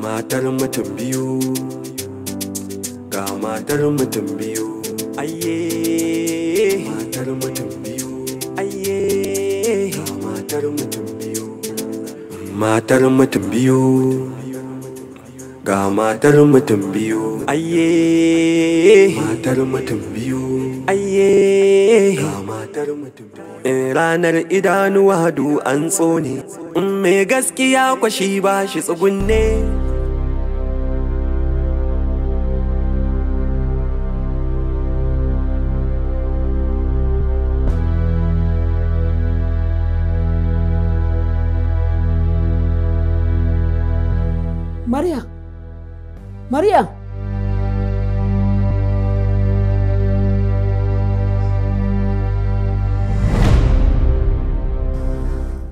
matar mutum biyu ga matar mutum biyu ayye matar mutum biyu ayye ga matar mutum biyu matar mutum biyu ga matar mutum biyu ayye matar mutum biyu ayye In eh, ranar idanuwa du an tsone in mai gaskiya kwashi ba shi tsugunne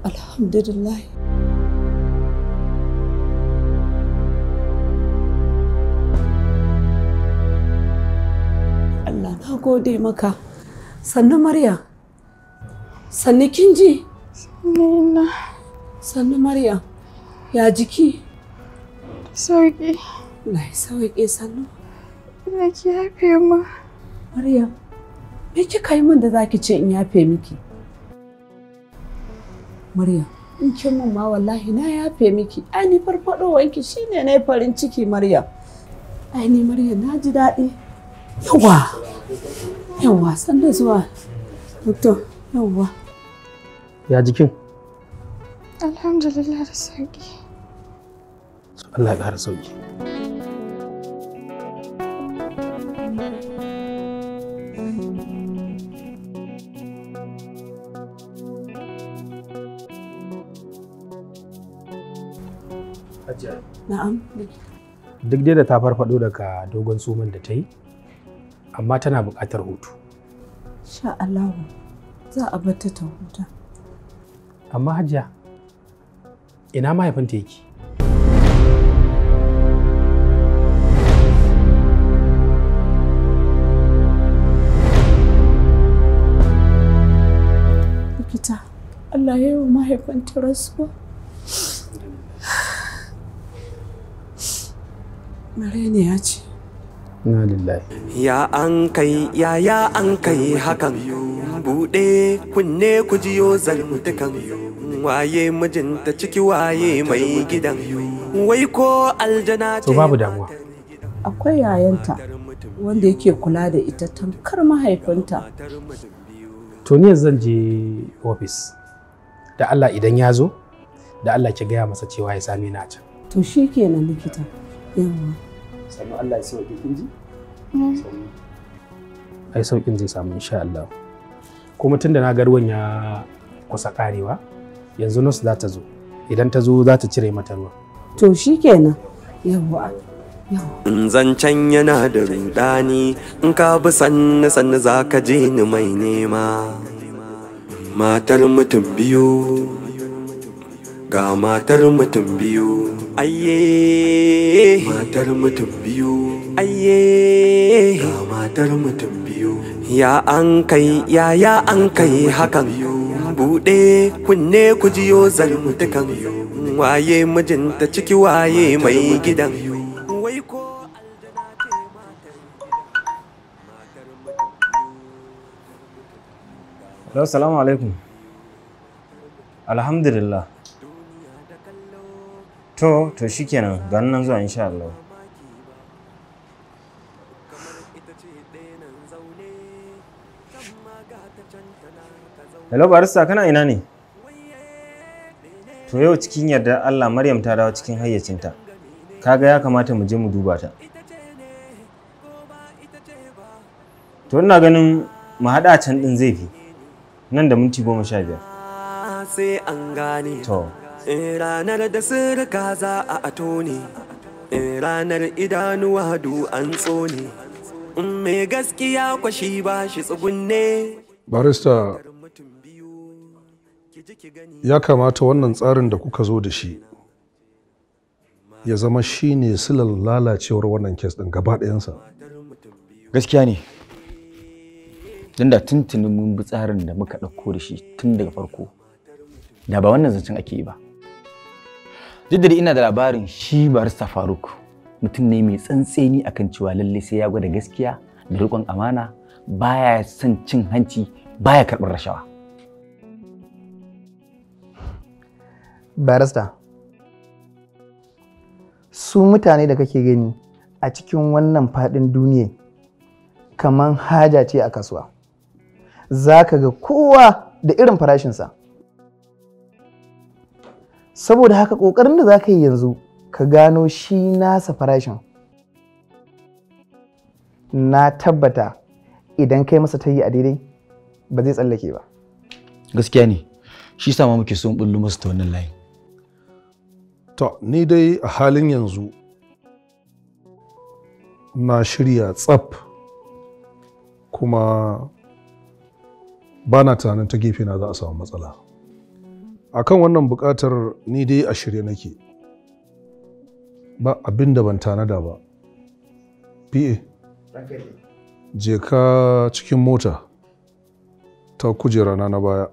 alhamdulillah Allah na gode maka sannu Maryam sannu kinji sannu Maryam ya jiki sauki lai sauki sannu ina ki yafe ma? Maryam me kika yi min da zaki ce in yafe miki maria In kin mun ma wallahi na yafe miki. Ai ni wanki shine na farin ciki maria Ai ni Maria na ji daɗi. Yawa. Yawa san da zuwa. Doktor, yawa. Ya jikin? Alhamdulillah da sauki. Allah ya ƙara sauki. Na'am. Duk dai da ta farfado daga dogon suman da ta yi, amma tana buƙatar hutu. Sha Allah za a bar ta huta. Amma Hajiya, ina mahaifinta yake? Allah ya yi wa mahaifinta rasuwa. ya ce. Na lillahi. Ya an kai, ya ya an kai hakan, buɗe kunne ku jiyo zantukan, waye mijinta ciki waye mai gidan, wai ko aljana ce. babu damuwa. Akwai yayanta wanda yake kula da ita tamkar mahaifinta. To ni zan je ofis, da Allah idan ya zo, da Allah ki gaya masa cewa ya same ni a can. To shi kenan likita. Yawwa. sannan Allah ya sauƙi kin mm. ai saukin zai samu insha Allah kuma da na garwan ya kusa karewa yanzu nasu za ta zo idan ta zo za ta cire mata ruwa to shikenan yawwa zancen yana da rudani in ka bi sannu sannu za ka je ni mai nema matar mutum biyu ga matar mutum biyu ayye matar mutum biyu ayye ga matar mutum biyu ya an kai ya ya an kai hakan bude kunne ku jiyo zarmutukan waye mijinta ciki waye mai gidan Assalamu alaikum. Alhamdulillah. to to shikenan ga nan zuwa insha Allah Hello barista kana ina ne? To yau cikin yarda Allah Maryam ta dawo cikin hayyacinta. Kaga ya kamata mu je mu duba ta. To ina ganin mu haɗa can ɗin zai fi nan da minti goma sha biyar. Sai an gane. To. in ranar da sirka za a ato ne in ranar idanuwa du an tsone in mai gaskiya kwashi ba shi tsugunne barista ya kamata wannan tsarin da kuka zo da shi ya zama shi ne silar lalacewar wannan kes ɗin gaba ɗayansa gaskiya ne tun da tuntunin mun bi tsarin da muka ɗauko da shi tun daga farko da ba wannan zancen ake yi ba duk ina da labarin shi barista faruk mutum ne mai tsantseni akan cewa lalle sai ya gwada gaskiya da riƙon amana baya son cin hanci baya karɓar rashawa barista su mutane da kake gani a cikin wannan faɗin duniya kamar haja ce a kasuwa za ka ga kowa da irin farashinsa saboda haka ƙoƙarin da za ka yi yanzu ka gano shi nasa farashin na tabbata idan kai masa ta yi a daidai ba zai tsallake ba gaskiya ne shi sama muke sun bullo masu ta wannan layin to ni dai a halin yanzu na shirya tsaf kuma ba na tunanin ta gefe na za a samu matsala a kan wannan buƙatar ni dai a shirye nake ba abin da ban tanada ba pa je ka cikin mota ta kujera na na baya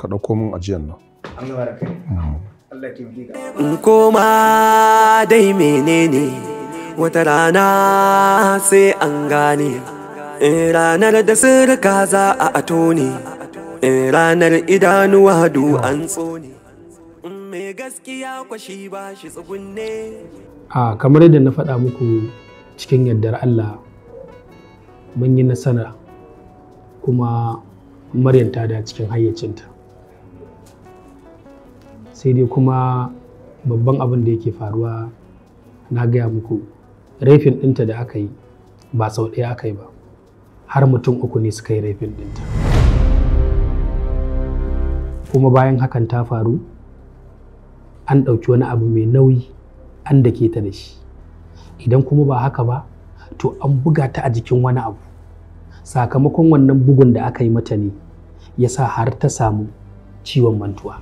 ka ɗauko min ajiyan nan in koma dai menene wata rana sai an gane ranar da sirka za a ato ne Eh, ranar idanuwa hadu an tsone mai gaskiya kwashi ba shi tsugunne a kamar yadda na faɗa muku cikin yardar Allah mun yi nasara kuma maryanta da cikin hayyacinta sai dai kuma babban abin da yake faruwa na gaya muku raifin ɗinta da aka yi ba sau ɗaya aka yi ba har mutum uku ne suka yi raifin ɗinta. kuma bayan hakan ta faru an ɗauki wani abu mai nauyi an ke ta da shi idan kuma ba haka ba to an buga ta a jikin wani abu sakamakon wannan bugun da aka yi mata ne ya sa har ta samu ciwon mantuwa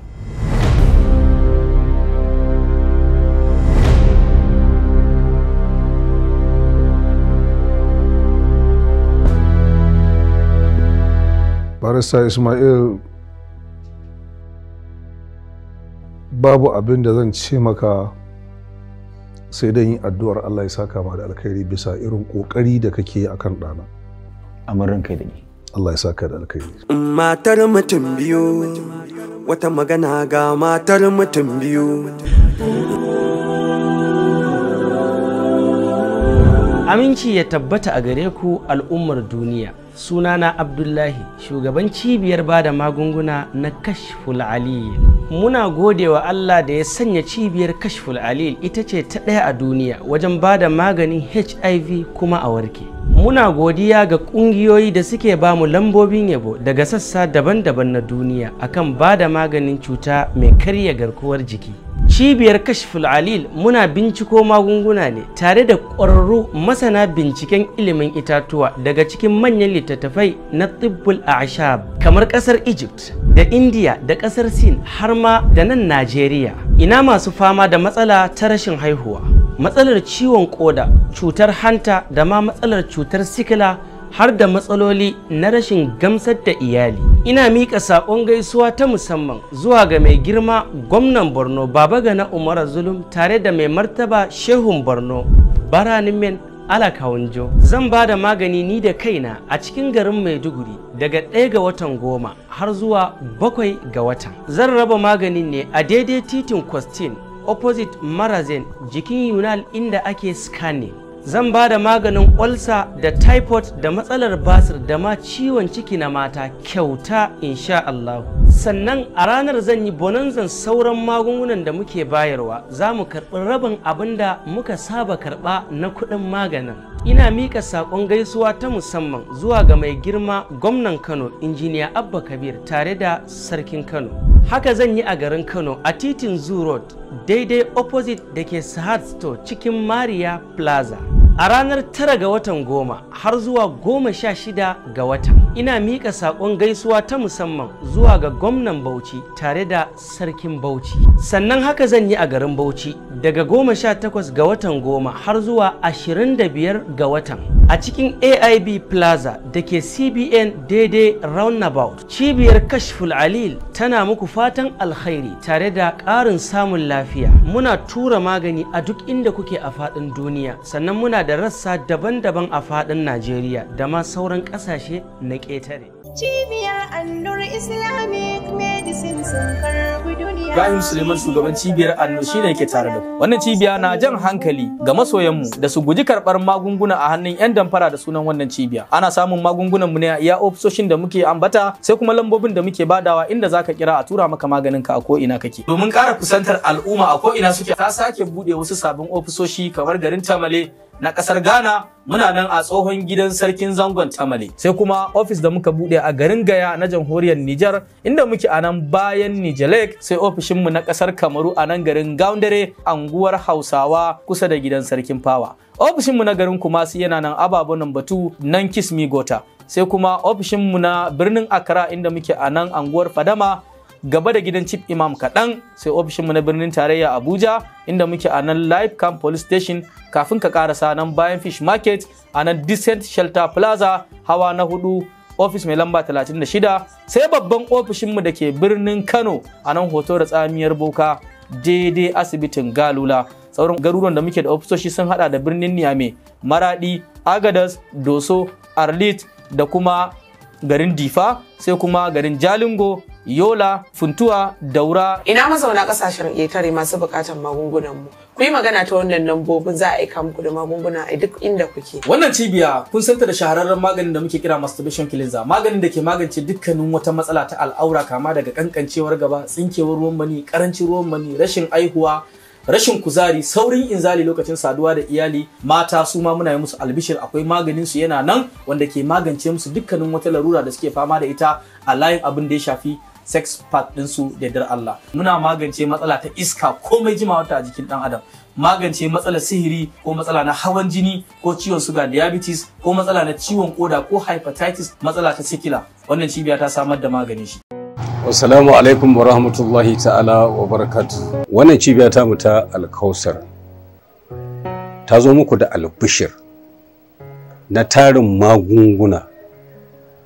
barista ismail babu abin da zan ce maka sai dai yin addu'ar Allah ya saka ma da alkhairi bisa irin kokari da kake akan ɗana. Amurin kai da ni. Allah ya saka da alkhairi. Matar mutum biyu wata magana ga matar mutum biyu. Aminci ya tabbata a gare ku al'ummar duniya. sunana abdullahi shugaban cibiyar bada magunguna na kashful alil muna gode wa allah da ya sanya cibiyar kashful alil ita ce ta ɗaya a duniya wajen ba da maganin hiv kuma a warke muna godiya ga ƙungiyoyi da suke ba mu lambobin yabo daga sassa daban-daban na duniya akan ba da maganin cuta mai karya garkuwar jiki cibiyar kashiful alil muna binciko magunguna ne tare da ƙwararru masana binciken ilimin itatuwa daga cikin manyan littattafai na tibbul ashab kamar ƙasar egypt da india da ƙasar sin har ma da nan najeriya ina masu fama da matsala ta rashin haihuwa matsalar ciwon koda cutar hanta da ma matsalar cutar sikila har da matsaloli na rashin gamsar da iyali ina mika saƙon gaisuwa ta musamman zuwa ga mai girma gwamnan borno baba gana umar zulum tare da mai martaba shehun borno baranin men alakawunjo zan ba da magani ni da kaina a cikin garin maiduguri daga ɗaya ga watan goma har zuwa bakwai ga watan zan raba maganin ne a daidai titin kwastin opposite marazin jikin yunal inda ake scanning zan ba da maganin olsa da typhoid da matsalar basir da ma ciwon ciki na mata kyauta insha Allah sannan a ranar zan yi bonanzan sauran magungunan da muke bayarwa za mu karɓi rabin abin da muka saba karɓa na kuɗin maganin ina miƙa saƙon gaisuwa ta musamman zuwa ga mai girma gwamnan kano injiniya abba kabir tare da sarkin kano haka zan yi a garin kano a titin zoo road daidai opposite da ke sahad store cikin maria plaza a ranar 9 ga watan goma har zuwa goma sha shida ga watan ina miƙa saƙon gaisuwa ta musamman zuwa ga gwamnan Bauchi tare da sarkin Bauchi. Sannan haka zan yi a garin Bauchi daga goma sha takwas ga watan goma har zuwa ashirin da biyar ga watan. A cikin AIB Plaza da ke CBN daidai roundabout cibiyar Kashful Alil tana muku fatan alkhairi tare da ƙarin samun lafiya. Muna tura magani a duk inda kuke a faɗin duniya sannan muna da rassa daban-daban a faɗin Najeriya da ma sauran ƙasashe na ƙetare. Cibiyar Annur Islamic Medicine sun karbi duniya. Ibrahim Suleiman shugaban cibiyar Annur shi ne ke tare da ku. Wannan cibiya na jan hankali ga masoyanmu da su guji karɓar magunguna a hannun 'yan damfara da sunan wannan cibiya. Ana samun magungunan mu ne a iya ofisoshin da muke ambata sai kuma lambobin da muke badawa inda zaka kira a tura maka maganin ka a ko ina kake. Domin ƙara kusantar al'umma a ko ina suke ta sake buɗe wasu sabbin ofisoshi kamar garin Tamale na kasar Ghana muna nan a tsohon gidan sarkin zangon Tamale. Sai kuma ofis da muka bude a garin Gaya na jamhuriyar Niger inda muke a nan bayan Nijalek sai ofishin mu na kasar Kamaru a nan garin Gaundare anguwar Hausawa kusa da gidan sarkin Fawa. mu na garin Kumasi yana nan ababunan batu nan Kismi Gota. sai kuma ofishinmu na birnin Accra inda muke a nan anguwar Fadama gaba da gidan chief imam kaɗan sai ofishin mu na birnin tarayya abuja inda muke a nan live camp police station kafin ka karasa nan bayan fish market a nan decent shelter plaza hawa na hudu ofis mai lamba 36 sai babban ofishinmu da ke birnin kano a nan hoto da tsamiyar boka daidai asibitin galula sauran garuruwan da muke da ofisoshi sun hada da birnin niame maradi agadas doso arlit da kuma garin difa sai kuma garin jalingo Yola, Funtuwa, Daura. Ina mazauna kasashen ƙetare masu buƙatar magungunanmu? mu. Ku yi magana ta wannan lambobin za a aika muku da magunguna a duk inda kuke. Wannan cibiya kun santa da shahararren maganin da muke kira masturbation cleanser, maganin da ke magance dukkanin wata matsala ta al'aura kama daga kankancewar gaba, tsinkewar ruwan mani, karancin ruwan mani, rashin aihuwa, rashin kuzari saurin inzali lokacin saduwa da iyali mata su ma muna yi musu albishir akwai maganin su yana nan wanda ke magance musu dukkanin wata larura da suke fama da ita a layin abin da ya shafi sex part ɗinsu da dar Allah muna magance matsala ta iska komai jimawa ta a jikin ɗan adam magance matsalar sihiri ko matsala na hawan jini ko ciwon suga diabetes ko matsala na ciwon koda ko hepatitis matsala ta sikila wannan cibiya ta samar da magani shi Assalamu alaikum wa rahmatullahi ta'ala wa barakatu. Wannan cibiya ta mu ta alkausar ta zo muku da albishir na tarin magunguna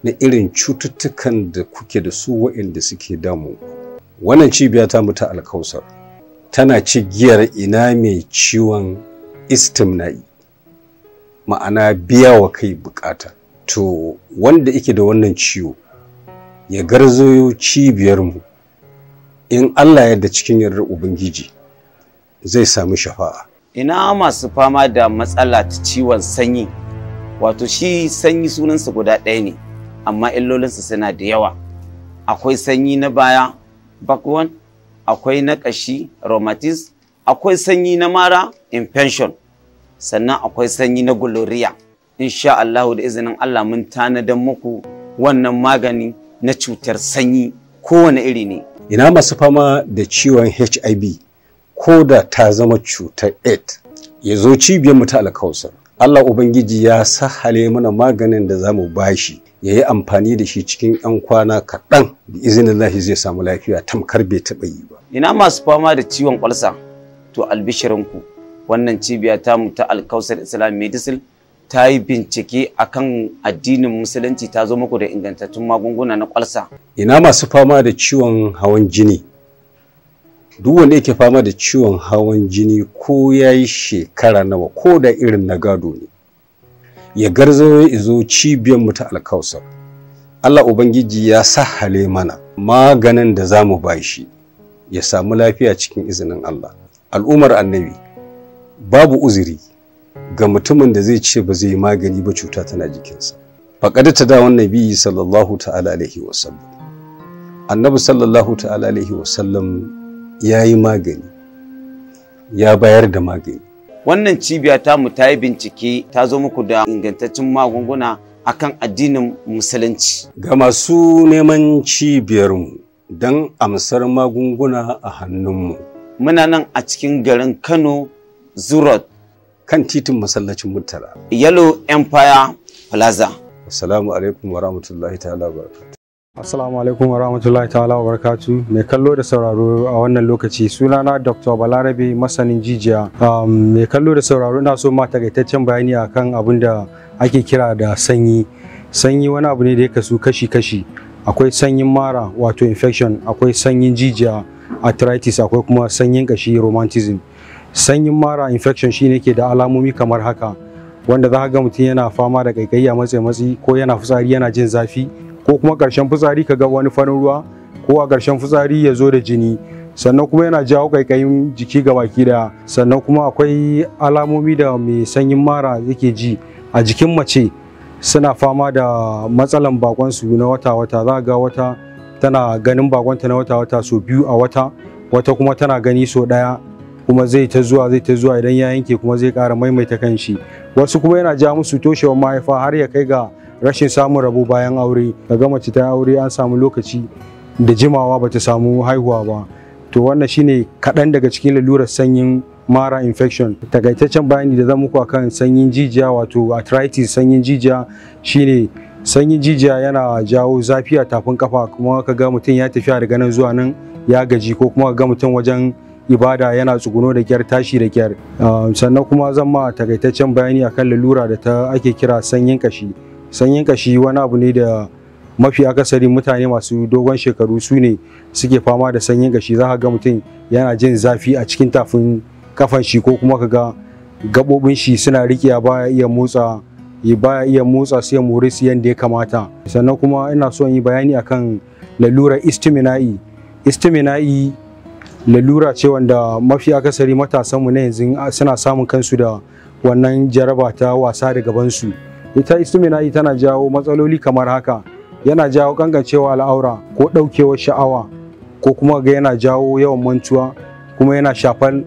na irin cututtukan da kuke da su waɗanda suke damu. Wannan cibiya ta mu alkausar tana cigiyar ina mai ciwon istimna'i ma'ana biya wa kai bukata. To wanda yake da wannan ciwo ya garzayo cibiyarmu in Allah yadda cikin yardar Ubangiji zai sami shafa'a. Ina masu fama da matsala ta ciwon sanyi, wato shi sanyi sunansa guda ɗaya ne. amma illolinsa suna da yawa akwai sanyi na baya bakwan akwai na ƙashi romatis akwai sanyi na mara infection sannan akwai sanyi na gloria insha allahu da izinin Allah mun tanadan muku wannan magani na cutar sanyi kowane iri ne ina masu fama da ciwon HIV ko da ta zama cutar AIDS ya zo cibiyar mu ta alkausar Allah Ubangiji ya sahale mana maganin da za mu bashi ya yi amfani da shi cikin 'yan kwana kaɗan da izinin lahi zai samu lafiya tamkar bai taɓa yi ba. Ina masu fama da ciwon ƙwalsa to albishirinku wannan cibiya ta mu ta alkausar Islam Medicine ta yi bincike akan addinin musulunci ta zo muku da ingantattun magunguna na ƙwalsa. Ina masu fama da ciwon hawan jini duk wanda yake fama da ciwon hawan jini ko ya yi shekara nawa ko da irin na gado ne ya garzayo ya zo cibiyar mu ta alkausar Allah Ubangiji ya sahale mana maganin da za mu ba shi ya samu lafiya cikin izinin Allah al'ummar annabi babu uzuri ga mutumin da zai ce ba zai magani ba cuta tana jikinsa faƙad ta da wannan biyi sallallahu ta'ala alaihi wasallam annabi sallallahu ta'ala alaihi wasallam ya yi magani ya bayar da magani Wannan cibiya ta mu ta yi bincike ta zo muku da ingantaccen magunguna akan addinin musulunci. Ga masu neman cibiyarmu don amsar magunguna a hannunmu. Muna nan a cikin garin Kano, Zurot. Kan titin masallacin Murtala. Yellow Empire Plaza. Assalamu alaikum wa rahmatullahi ta'ala wa Assalamu alaikum wa rahmatullahi ta'ala wa barakatu mai kallo da sauraro a wannan lokaci sunana Dr. Balarabe masanin jijiya um, mai kallo da sauraro na so ma takaitaccen bayani akan abin da ake kira da sanyi sanyi wani abu ne da ya kasu kashi-kashi akwai sanyin mara wato infection akwai sanyin jijiya arthritis akwai kuma sanyin kashi romantism sanyin mara infection shine ke da alamomi kamar haka wanda za ga mutum yana fama da kaikayya, a matsayi matsi ko yana fitsari yana jin zafi ko kuma ƙarshen fitsari ka ga wani farin ruwa ko a ƙarshen fitsari ya zo da jini sannan kuma yana jawo ƙaiƙayin jiki ga baki daya sannan kuma akwai alamomi da mai sanyin mara yake ji a jikin mace suna fama da matsalan bakonsu na wata-wata za ga wata tana ganin bakonta na wata-wata so biyu a wata wata kuma tana gani so ɗaya kuma zai ta zuwa zai ta zuwa idan ya yanke kuma zai ƙara maimaita kanshi wasu kuma yana ja musu toshewar mahaifa har ya kai ga rashin samun rabo bayan aure kaga mace ta aure an samu lokaci da jimawa bata samu haihuwa ba to wannan shine kaɗan daga cikin lalurar sanyin mara infection takaitaccen bayani da zan muku akan sanyin jijiya wato arthritis sanyin jijiya shine sanyin jijiya yana jawo zafi a tafin kafa kuma ka ga mutum ya tafiya daga nan zuwa nan ya gaji ko kuma ka ga mutum wajen ibada yana tsuguno da kyar tashi da kyar ah, sannan kuma zan ma takaitaccen bayani akan lalura da ta ake kira sanyin kashi sanyin kashi wani abu ne da mafi akasari mutane masu dogon shekaru su ne suke fama da sanyin kashi za ka ga mutum yana jin zafi a cikin tafin kafan shi ko kuma ka ga gaɓoɓin shi suna riƙiya baya iya motsa baya iya motsa su ya mori su yadda ya kamata sannan kuma ina son yi bayani akan lalura istimina'i istimina'i lalura ce wanda mafi akasari matasanmu na yanzu suna samun kansu da wannan jaraba ta wasa da gabansu ita ita tana jawo matsaloli kamar haka yana jawo kankancewa al'aura ko ɗaukewar sha'awa ko kuma ga yana jawo yawan mantuwa kuma yana shafan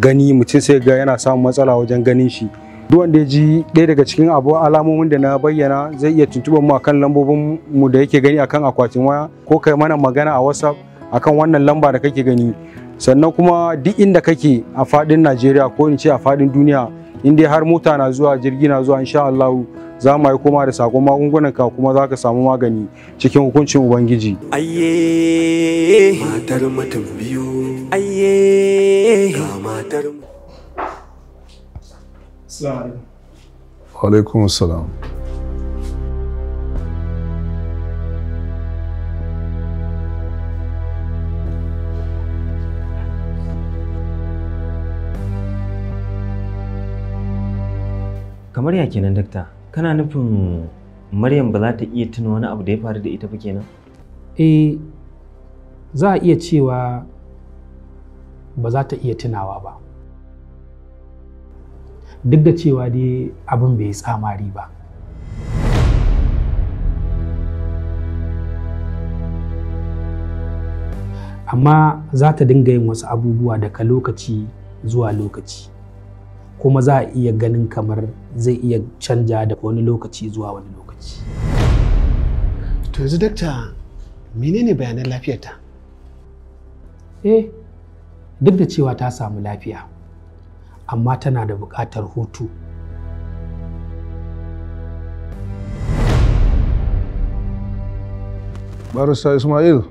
gani mutum sai ga yana samun matsala wajen ganin shi duk wanda ya ji ɗaya daga cikin abu alamomin da na bayyana zai iya tuntuɓar mu akan lambobin mu da yake gani akan akwatin waya ko kai mana magana a whatsapp akan wannan lamba da kake gani sannan kuma duk inda kake a faɗin najeriya ko in ce a faɗin duniya in dai har mota na zuwa jirgi na zuwa insha Allah za mu yi koma da sakon magungunan ka kuma zaka samu magani cikin hukuncin ubangiji ayye matar mutum biyu ayye ga matar alaikum assalam Kamar ya kenan dakta, kana nufin Maryam ba za ta iya tuna wani abu da ya faru da ita ba kenan? Eh, za a iya cewa ba za ta iya tunawa ba. Duk da cewa dai abin bai tsamari ba. Amma za ta dinga yin wasu abubuwa daga lokaci zuwa lokaci. kuma za a iya ganin kamar zai iya canja da wani lokaci zuwa wani lokaci. To yanzu dakta menene bayanan lafiyarta? Eh, duk da cewa ta samu lafiya, amma tana da buƙatar hutu. Barista Ismail,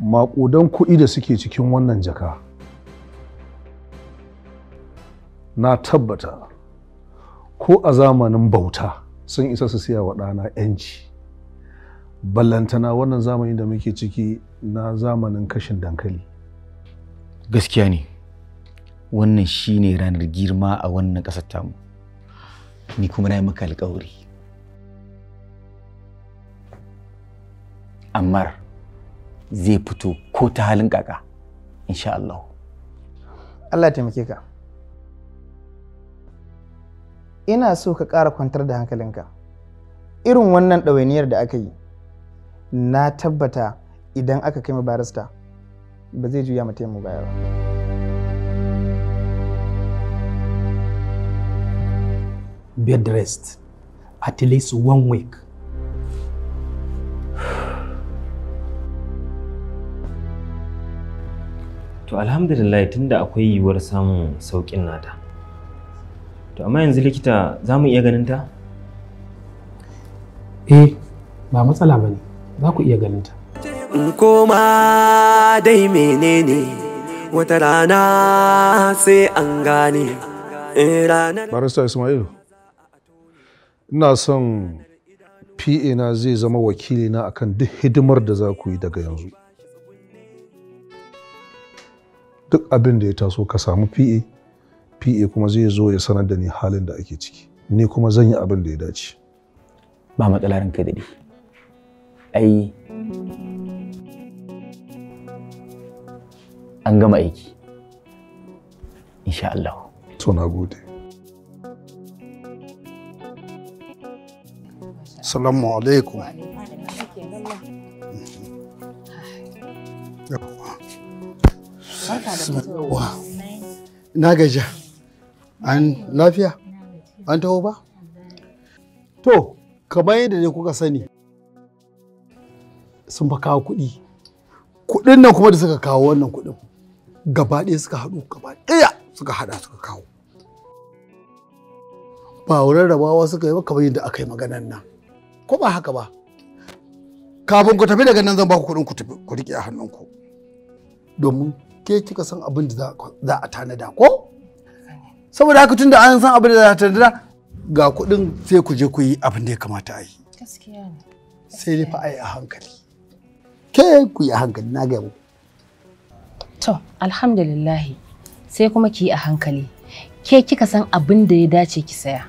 maƙudan kuɗi da suke cikin wannan jaka. na tabbata ko a zamanin bauta sun isa su siya wa ɗana 'yanci ballantana wannan zamani da muke ciki na zamanin kashin dankali gaskiya ne wannan shi ne ranar girma a wannan ƙasar tamu ni kuma na yi maka alƙawari ammar zai fito ko ta halin kaka insha Allah Allah taimake ka ina so ka ƙara kwantar da hankalinka irin wannan ɗawainiyar da aka yi na tabbata idan aka kai ma barista ba zai juya mutum mu baya ba bed rest at least one week to alhamdulillah tunda akwai yiwuwar samun sauƙin nata to amma yanzu likita za mu iya ganin ta eh ba matsala ba ne za ku iya ganin ta in koma dai menene wata rana sai an gane eh, barista ismail ina son PA na zai zama wakili na akan duk hidimar da za ku yi daga yanzu. Duk abin da ya taso ka samu PA PA kuma zai zo ya sanar da ni halin da ake ciki ni kuma zan yi abin da ya dace ba matsala ranka da ai an gama aiki insha Allah to na gode Assalamu alaikum. Na gaja. An lafiya? An taho ba? To, kamar yadda dai kuka sani sun fa kawo kuɗi. Kuɗin nan kuma da suka kawo wannan kuɗin gaba ɗaya suka haɗu gaba ɗaya suka haɗa suka kawo. Ba wurin rabawa suka yi ba kamar yadda aka yi maganar nan. Ko ba haka ba? Kafin ku tafi daga nan zan ba ku kuɗin ku riƙe a hannunku. Domin ke kika san abin da za a tanada ko? saboda haka tunda an san abin da za ta dira ga kuɗin sai ku je ku yi abin da ya kamata a yi sai dai fa a yi a hankali ke ku yi a hankali na ga muku to alhamdulillah sai kuma ki yi a hankali ke kika san abin da ya dace ki saya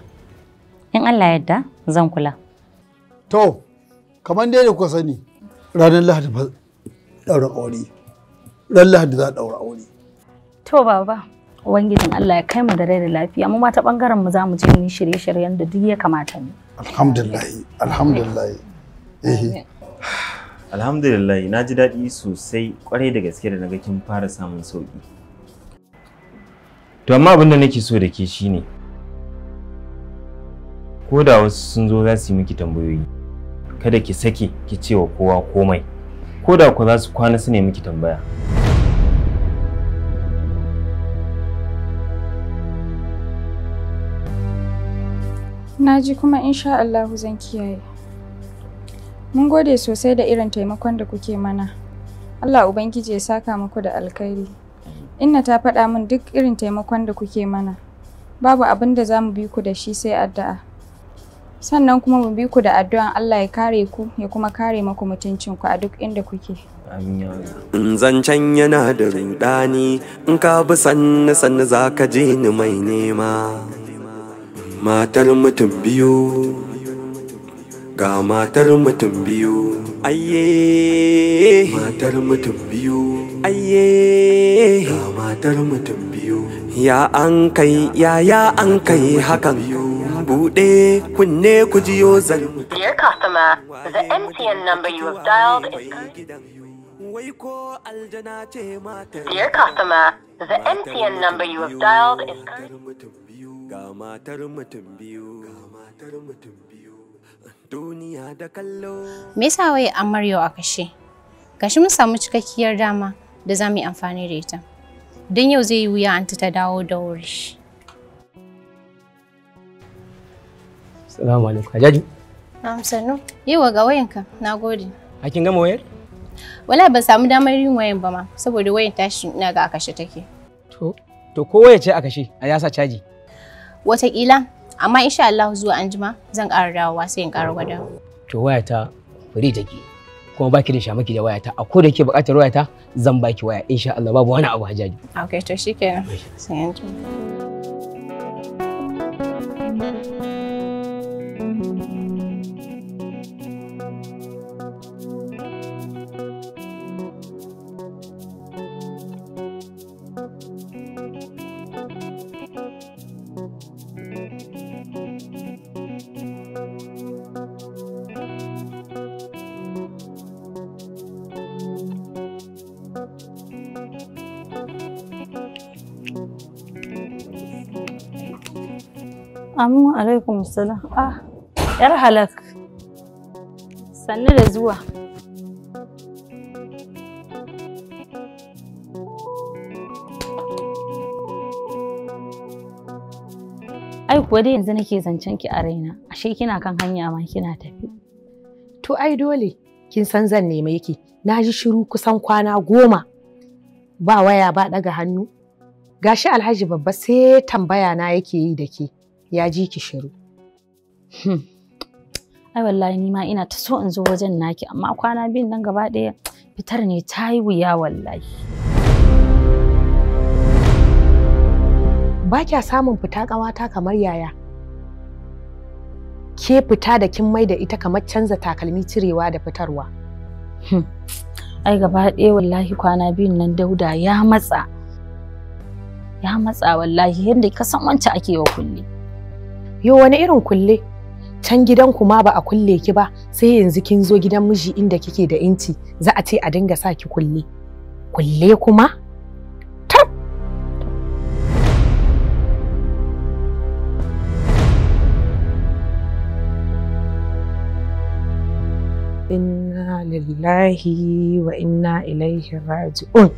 in Allah yadda zan kula to kamar dai da kuka sani ranar lahadi ba ɗaurin aure ran lahadi za a ɗaura aure to baba ubangijin Allah ya kai mu da rai da lafiya mu mata bangaren mu zamu je ni shirye-shiryen da duk ya kamata ne. alhamdulillah alhamdulillah eh alhamdulillah na ji daɗi sosai kwarai da gaske da naga kin fara samun sauki to amma abin da nake so da ke shine ko da wasu sun zo za su yi miki tambayoyi kada ki sake ki ce wa kowa komai ko da ku za su kwana su ne miki tambaya naji kuma insha Allahu zan kiyaye. Mun gode sosai da irin taimakon da kuke mana. Allah Ubangiji ya saka muku da alkhairi. Inna ta faɗa min duk irin taimakon da kuke mana. Babu abin da za mu bi ku da shi sai addu'a. Sannan kuma mu bi ku da addu'an Allah ya kare ku ya kuma kare muku mutuncin ku a duk inda kuke. Zancen yana da rudani in ka bi sannu sannu za ka je ni mai nema. matar mutum biyu ga matar mutum biyu ayye matar mutum biyu ayye ga matar mutum biyu ya an kai ya ya an kai hakan bude kunne ku jiyo zan dear customer the mtn number you have dialed is Wai ko aljana ce matar Dear customer, the MTN number you have dialed is da kallo. Me yasa wai amaryo a kashe? Gashi mun samu cikakkiyar dama da za mu yi amfani da ita. Don yau zai yi wuya an ta dawo da wuri. Salamu alaikum. Hajaji. Na'am Sannu. Yi wa ga wayanka. Nagode. A kin gama wayar? Wala ban samu damar yin wayan ba ma saboda wayan tashi ina ga akashe take. To, to ko waya ce akashe a yasa caji? Wataƙila, amma insha Allah zuwa anjima zan ƙara dawowa sai in ƙara gwada. To waya ta free take. Kuma baki da shamaki da wayata a ko da ke buƙatar ta zan baki waya insha Allah babu wani abu hajaji. Okay to shikenan. Sai anjima. Amin alaikum salam. Ah, ‘yar halak. Sannu da zuwa. Ai kuwa dai yanzu nake zancen ki a raina, ashe kina kan hanya ma kina tafi. To ai dole, kin san zan nemi yake, na ji shiru kusan kwana goma. Ba waya ba ɗaga hannu, gashi alhaji babba sai tambaya na yake yi da ke ya ji ki shiru. Hmm. Ai wallahi ni ma ina ta so in zo wajen naki amma kwana biyun nan gaba ɗaya fitar ne ta yi wuya wallahi. Ba kya samun fita ƙawata kamar yaya. Ke fita da kin mai da ita kamar canza takalmi cirewa da fitarwa. Hmm. Ai gaba ɗaya wallahi kwana biyun nan dauda ya matsa. Ya matsa wallahi yadda ka san wancan ake wa kulle. Yo wani irin kulle? Can gidan ma ba a kulle ki ba sai yanzu kin zo gidan miji inda kike da inci za a ce a dinga sa ki kulle. Kulle kuma? Inna lillahi wa inna ilaihi raji'un.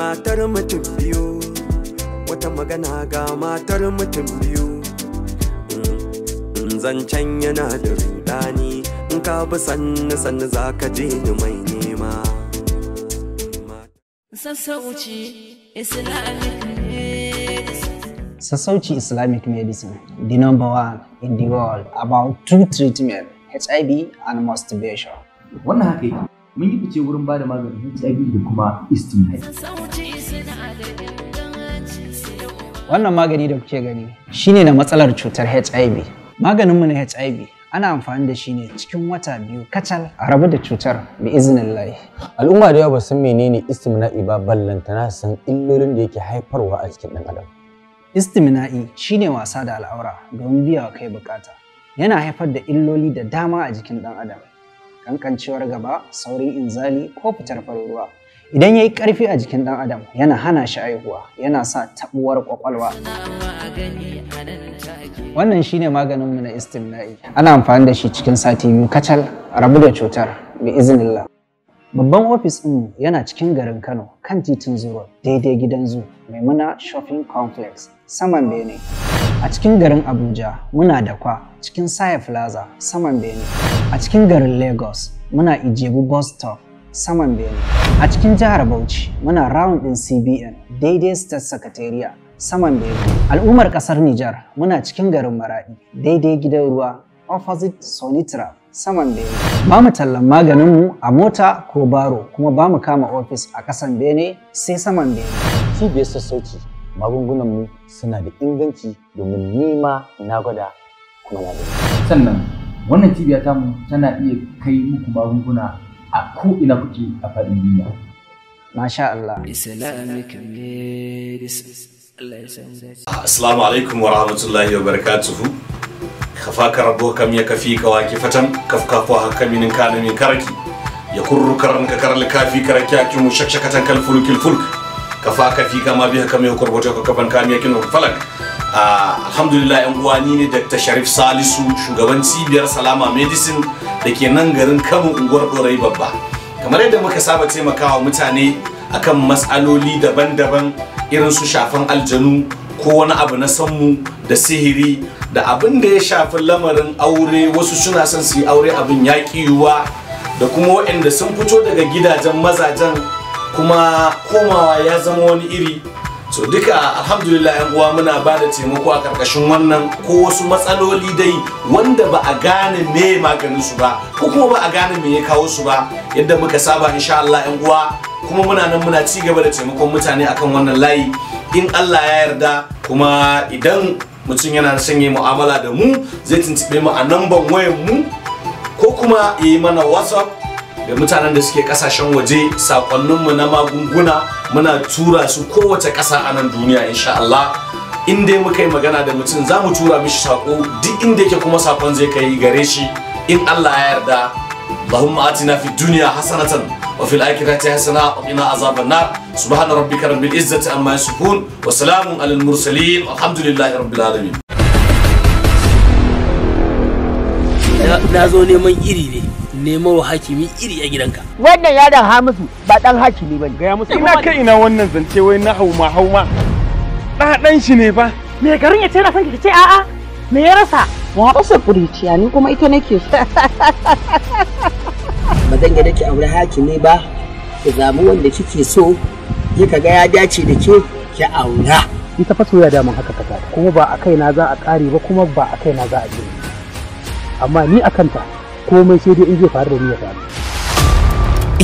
matar mutum biyu wata magana ga matar mutum biyu mm, mm, zancen yana da rudani in ka bi sannu sannu za ka je ni mai nema sassauci islamic medicine the number one in the world about two treatments hiv and masturbation wannan haka mun yi fice wurin ba da maganin HIV da kuma istimai. Wannan magani da kuke gani shine na matsalar cutar HIV. mu na HIV ana amfani da shi ne cikin wata biyu kacal a rabu da cutar bi lai. Al'umma da yawa ba san menene istimna'i ba ballantana san illolin da yake haifarwa a cikin ɗan adam. Istimna'i shine wasa da al'aura don biya kai bukata. Yana haifar da illoli da dama a jikin ɗan adam. kankancewar gaba, saurin inzali ko fitar farin Idan ya yi ƙarfi a jikin ɗan adam yana hana shi aihuwa, yana sa taɓuwar ƙwaƙwalwa. Wannan shine maganinmu na istimna'i. Ana amfani da shi cikin sati biyu kacal rabu da cutar bi iznillah. Babban ofis ɗin yana cikin garin Kano kan titin zuwa daidai gidan zu Maimuna Shopping Complex saman Bene. a cikin garin Abuja muna da kwa cikin Saya Plaza saman Bene. A cikin garin Lagos muna Ijebu bus stop saman Bene. A cikin jihar Bauchi muna round ɗin CBN daidai State Secretariat saman Bene. Al'ummar ƙasar Nijar muna cikin garin Maradi daidai gidan ruwa opposite Sonitra saman Bene. Ba mu tallan mu a mota ko baro kuma ba mu kama ofis a kasan Bene sai saman Bene. Cibiyar sassauci magungunanmu suna da inganci domin nima na gwada kuma na sannan wannan cibiya tamu tana iya kai muku magunguna a ko ina kuke a faɗin duniya masha Allah Assalamu alaikum wa rahmatullahi wa barakatuhu kafaka rabo kam ya kafi kawaki fatan kafkafu haka minin kana min karaki ya kurru karan ka karli kafi karaki a kimu shakshakatan kalfulu fulk Kafa fi kama biya kama ya kurbuta ka kafan kamiya kin falak ah, alhamdulillah yan uwa ni ne Dr. Sharif Salisu shugaban cibiyar Salama Medicine da ke nan garin Kano unguwar Dorai babba kamar yadda muka saba taimakawa mutane akan matsaloli daban-daban irin su shafan aljanu ko wani abu na sanmu da sihiri da abin da ya shafi lamarin aure wasu suna son su yi aure abin ya da kuma waɗanda sun fito daga gidajen mazajen kuma komawa ya zama wani iri to duka alhamdulillah yan uwa muna ba da taimako a karkashin wannan ko wasu matsaloli dai wanda ba a gane me maganin su ba ko kuma ba a gane me ya kawo su ba yadda muka saba insha Allah yan uwa kuma muna nan muna ci gaba da taimakon mutane akan wannan layi in Allah ya yarda kuma idan mutum yana sanya mu'amala da mu zai tuntube mu a number wayan mu ko kuma yi mana whatsapp mutanen da suke kasashen waje mu na magunguna muna tura su kowace ƙasa a nan duniya insha Allah in dai muka yi magana da mutum za mu tura mishi sako duk inda yake kuma sakon zai kai gare shi in Allah ya yarda Allahumma atina fid dunya hasanatan wa fil akhirati hasana wa qina azaban nar subhana rabbika rabbil izzati amma yasifun wa salamun alal mursalin alhamdulillahi rabbil alamin na neman iri ne nemo hakimi iri a gidanka wannan yaron hamisu ba dan hakimi ba ga musu ina kai ina wannan zance wai na hauma hauma da dan shi ne ba me garin ya ce na san ki ce a'a me ya rasa wa kasa kuriciya ni kuma ita nake so ba zan ga ki aure hakimi ba ki zamu wanda kike so kika kaga ya dace da ke ki aura ita fa soyayya da mun haka ta kuma ba a kaina za a kare ba kuma ba a kaina za a je amma ni a kanta komai sai dai in zai faru da ni ya faru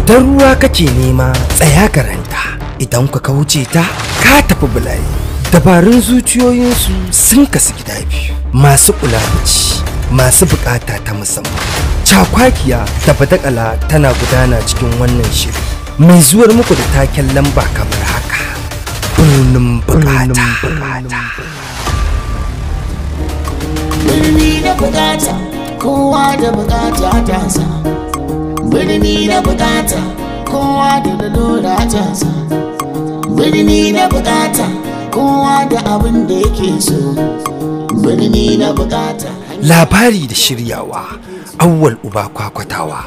idan ruwa kake nema tsaya garanta idan ka wuce ta ka tafi bulaye, dabarun zuciyoyinsu sun kasu gida biyu masu kula masu bukata ta musamman cakwakiya da fadakala tana gudana cikin wannan shiri mai zuwar muku da taken lamba kamar haka birnin bukata kowa da bukata tasa birni na bukata kowa da lalura tasa birni na bukata kowa da abin da yake so birni na bukata labari da shiryawa awwal uba kwakwatawa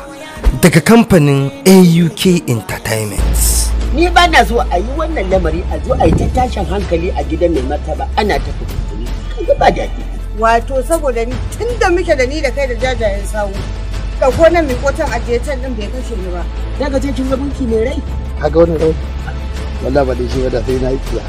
daga kamfanin auk entertainment ni ba na so a yi wannan lamari a zo a yi ta tashin hankali a gidan mai martaba ana ta kuma ba daɗi wato saboda ni tun da muke da ni da kai da jajayen sawu ɗauko nan mai kotan ajiye can ɗin bai kashe ni ba daga je kin ga banki mai rai A ga wani rai wallahi ba dai shi ba da sai na ikiya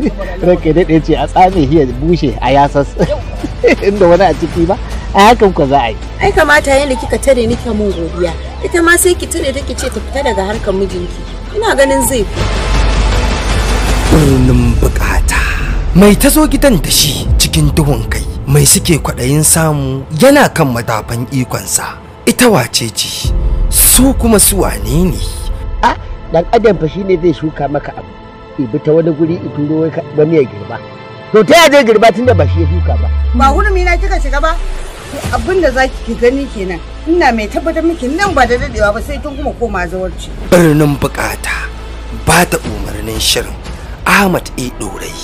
Rake daɗe ce a tsame hiya bushe a yasas inda wani a ciki ba a hakan ku za a yi ai kamata yadda kika tare ni kya mun godiya ita ma sai ki tare take ce ta fita daga harkar mijinki ina ganin zai fi birnin bukata mai taso gidan da shi cikin duhun kai mai suke kwaɗayin samu yana kan matafan ikonsa ita wace ce su kuma su wane ne ah dan adam fa shine zai shuka maka abu ibi ta wani guri ituro wani ya girba to ta yaje girba tunda ba shi ya shuka ba ba hurumi na kika shiga ba abin da zaki ki gani kenan ina mai tabbatar miki nan ba da dadewa ba sai tun kuma koma zawarci birnin bukata ba ta umarnin shirin ahmad e dorai